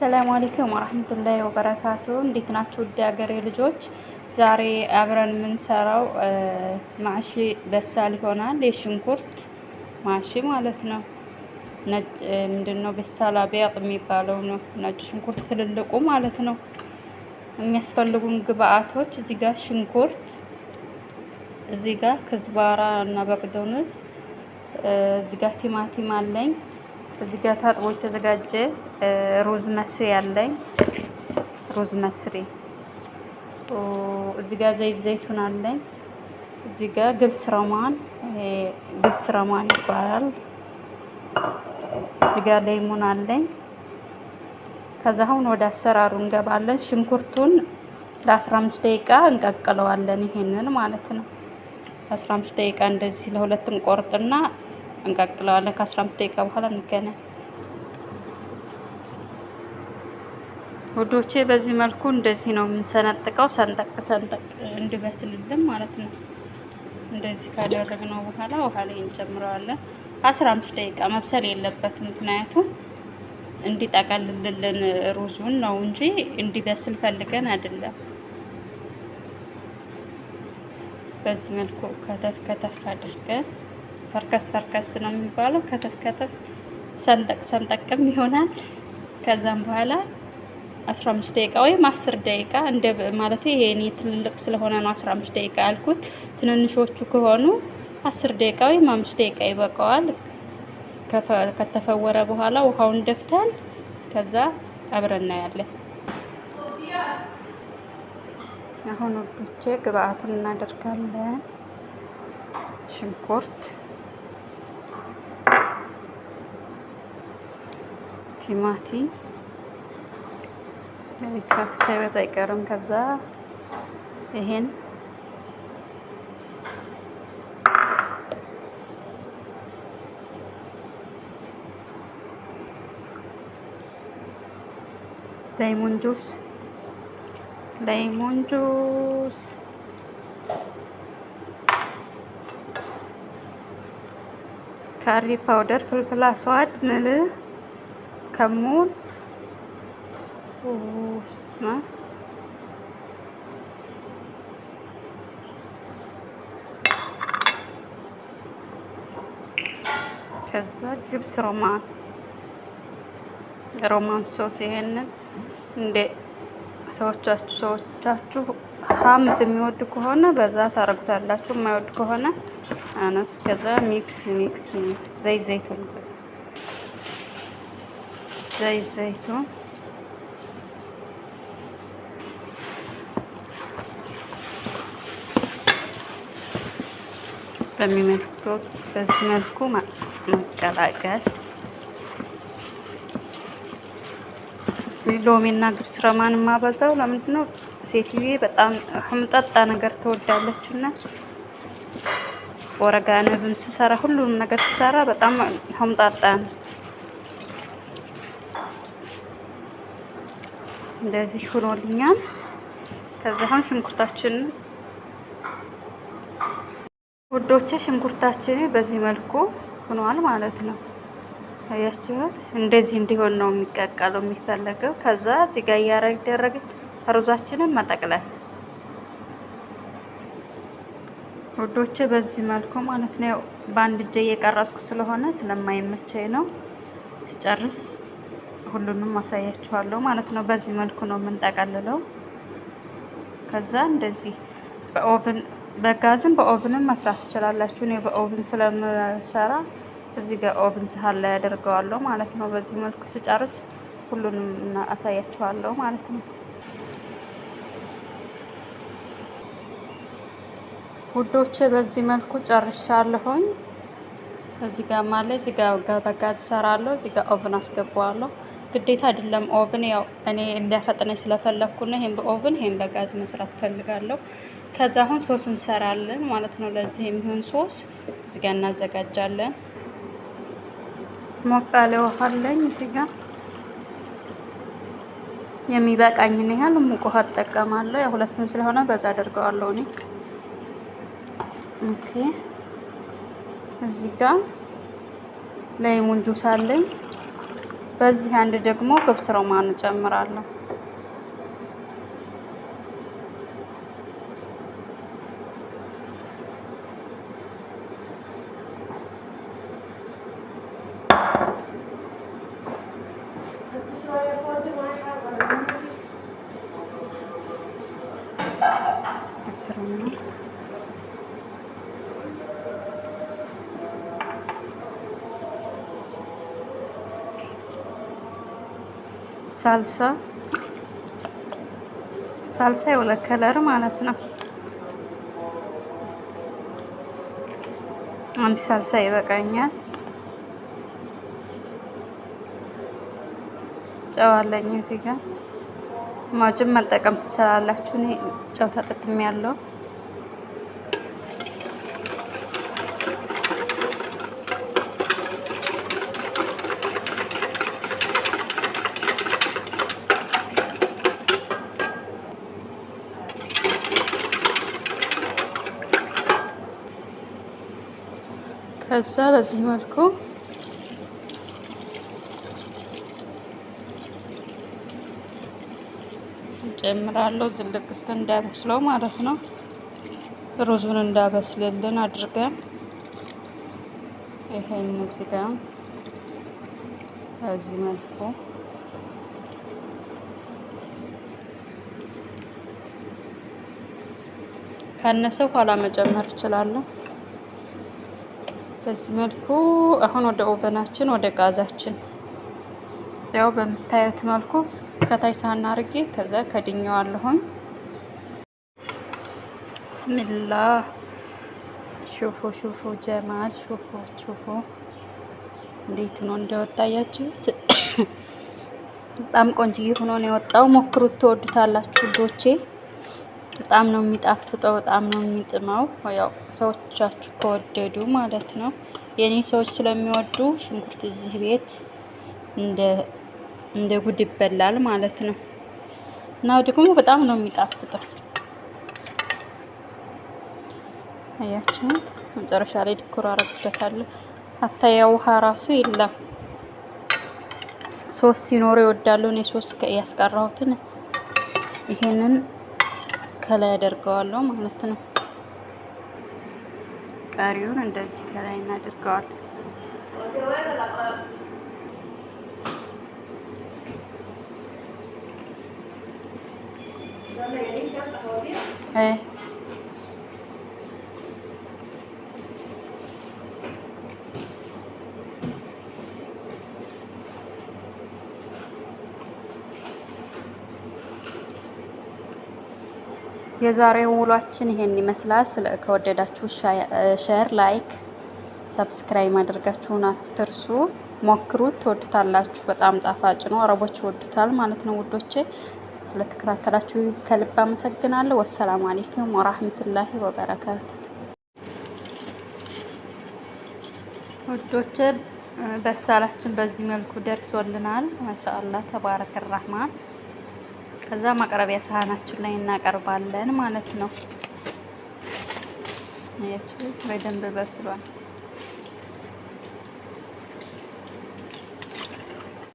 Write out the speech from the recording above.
ሰላም አለይኩም ወራህመቱላሂ ወበረካቱ። እንዴት ናችሁ? ውድ ሀገሬ ልጆች ዛሬ አብረን የምንሰራው ማሺ በሳል ይሆናል። የሽንኩርት ማሺ ማለት ነው። ምንድነው በሳል አብያጥ የሚባለው ነው። ነጭ ሽንኩርት ትልልቁ ማለት ነው። የሚያስፈልጉን ግብአቶች እዚህ ጋር ሽንኩርት፣ እዚህ ጋር ክዝባራ እና በቅዶንስ፣ እዚህ ጋር ቲማቲም አለኝ እዚህ ጋር ታጥቦ የተዘጋጀ ሩዝ መስሪ አለኝ። ሩዝ መስሪ እዚህ ጋር ዘይት ዘይቱን አለኝ። እዚህ ጋር ግብስ ሮማን ግብስ ሮማን ይባላል። እዚህ ጋር ሌሞን አለኝ። ከዛ አሁን ወደ አሰራሩ እንገባለን። ሽንኩርቱን ለ15 ደቂቃ እንቀቅለዋለን። ይሄንን ማለት ነው። 15 ደቂቃ እንደዚህ ለሁለት ቆርጥና እንቀቅለዋለን። ከአስራ አምስት ደቂቃ በኋላ እንገናኝ ውዶቼ። በዚህ መልኩ እንደዚህ ነው የምንሰነጥቀው። ሰንጠቅ ሰንጠቅ እንዲበስልልን ማለት ነው። እንደዚህ ካደረግነው በኋላ ውሃ ላይ እንጨምረዋለን። ከአስራ አምስት ደቂቃ መብሰል የለበትም ምክንያቱም እንዲጠቀልልልን ሩዙን ነው እንጂ እንዲበስል ፈልገን አይደለም። በዚህ መልኩ ከተፍ ከተፍ አድርገን ፈርከስ ፈርከስ ነው የሚባለው። ከተፍ ከተፍ ሰንጠቅ ሰንጠቅም ይሆናል። ከዛም በኋላ 15 ደቂቃ ወይም 10 ደቂቃ እንደ ማለት ይሄ ትልልቅ ስለሆነ ነው 15 ደቂቃ ያልኩት። ትንንሾቹ ከሆኑ 10 ደቂቃ ወይም 5 ደቂቃ ይበቃዋል። ከተፈወረ በኋላ ውሃውን ደፍተን ከዛ አብረን እናያለን። አሁን ወጥቼ ግብአቱን እናደርጋለን። ሽንኩርት ቲማቲም ቲማቲም ሳይበዛ አይቀርም። ከዛ ይሄን ላይሞን ጁስ ላይሞን ጁስ ካሪ ፓውደር፣ ፍልፍል አስዋድ ምልህ ከሙን ከዛ ግብስ ሮማን ሮማን ሶስ ይሄንን እንደ ሰዎቻችሁ ሰዎቻችሁ ሀምት የሚወድ ከሆነ በዛ ታረጉታላችሁ። የማይወድ ከሆነ አነስ ከዛ ሚክስ ሚክስ ሚክስ ዘይ ዘይቱን ዘይት ዘይቱ በሚመልኩ በዚህ መልኩ መቀላቀል ሎሚና ግብስ ረማን የማበዛው ለምንድን ነው? ሴትዬ በጣም ህምጠጣ ነገር ትወዳለች እና ወረጋ ንብን ስሰራ ሁሉንም ነገር ስሰራ በጣም ህምጣጣ ነው። እንደዚህ ሆኖልኛል። ከዛ አሁን ሽንኩርታችንን ሽንኩርታችን በዚህ መልኩ ሆኗል ማለት ነው። አያችሁት? እንደዚህ እንዲሆን ነው የሚቀቀለው የሚፈለገው። ከዛ እዚህ ጋር እያደረግን ሩዛችንን መጠቅለል ውዶቼ በዚህ መልኩ ማለት ነው። በአንድ እጄ እየቀረስኩ ስለሆነ ስለማይመቸኝ ነው። ሲጨርስ ሁሉንም አሳያችኋለሁ ማለት ነው። በዚህ መልኩ ነው የምንጠቀልለው። ከዛ እንደዚህ በኦቭን በጋዝም በኦቭንም መስራት ትችላላችሁ። እኔ በኦቭን ስለምሰራ እዚህ ጋር ኦቭን ሳህን ላይ አድርገዋለሁ ማለት ነው። በዚህ መልኩ ስጨርስ ሁሉንም አሳያችኋለሁ ማለት ነው። ውዶች በዚህ መልኩ ጨርሻለሁኝ። እዚህ ጋር ማለት እዚህ ጋር በጋዝ ሰራለሁ። እዚህ ጋር ኦቭን አስገባዋለሁ። ግዴታ አይደለም። ኦቭን ያው እኔ ስለፈለግኩ ስለፈለግኩና ይህም በኦቭን ይህም በጋዝ መስራት ፈልጋለሁ። ከዛ አሁን ሶስ እንሰራለን ማለት ነው። ለዚህ የሚሆን ሶስ እዚህ ጋር እናዘጋጃለን። ሞቅ ያለ ውሃ አለኝ እዚህ የሚበቃኝን ያህል ሙቅ ውሃ እጠቀማለሁ። ያው ሁለቱን ስለሆነ በዛ አድርገዋለሁ እኔ። ኦኬ እዚህ ጋር ለይሙን ጁስ አለኝ በዚህ አንድ ደግሞ ግብስ ሮማን እጨምራለሁ። ሳልሳ ሳልሳ የሁለት ከለር ማለት ነው። አንድ ሳልሳ ይበቃኛል። ጨው አለኝ እዚህ ጋር ማጅን መጠቀም ትችላላችሁ። እኔ ጨው ተጠቅሜ ያለው ከዛ በዚህ መልኩ ጨምራለሁ ዝልቅ እስከ እንዳይበስለው ማለት ነው። ሩዙን እንዳበስልልን አድርገን ይሄን እዚህ በዚህ መልኩ ካነሰው ኋላ መጨመር እችላለሁ። በዚህ መልኩ አሁን ወደ ኦቨናችን ወደ ጋዛችን ያው በምታዩት መልኩ ከታይ ሳህን አድርጌ ከዛ ከድኘዋለሁኝ። ብስሚላ ሹፉ ሹፉ ጀማል ሹፉ ሹፉ እንዴት ነው እንደወጣያችሁት? በጣም ቆንጆ ሆኖ ነው የወጣው። ሞክሩት፣ ትወዱታላችሁ ዶቼ በጣም ነው የሚጣፍጠው፣ በጣም ነው የሚጥመው። ያው ሰዎቻችሁ ከወደዱ ማለት ነው። የኔ ሰዎች ስለሚወዱ ሽንኩርት እዚህ ቤት እንደ ጉድ ይበላል ማለት ነው። እና ደግሞ በጣም ነው የሚጣፍጠው። አያችሁት? መጨረሻ ላይ ድኩር አረግበታለሁ። አታያ ውሃ ራሱ የለም። ሶስት ሲኖረው ይወዳሉ። እኔ ሶስት ያስቀራሁትን ይሄንን ከላይ አደርገዋለሁ ማለት ነው። ቀሪውን እንደዚህ ከላይ እናደርገዋለን። አይ የዛሬው ውሏችን ይሄን ይመስላል። ስለ ከወደዳችሁ ሼር፣ ላይክ፣ ሰብስክራይብ ማድረጋችሁን አትርሱ። ሞክሩት፣ ትወዱታላችሁ። በጣም ጣፋጭ ነው። አረቦች ይወዱታል ማለት ነው። ውዶቼ ስለተከታተላችሁ ከልብ አመሰግናለሁ። ወሰላሙ አሌይኩም ወራህመቱላሂ ወበረካቱ። ውዶቼ በሳላችን በዚህ መልኩ ደርሶልናል። ማሻአላህ ተባረከ ረህማን ከዛ ማቅረቢያ ሳህናችን ላይ እናቀርባለን ማለት ነው። አያችሁ በደንብ በስሏል።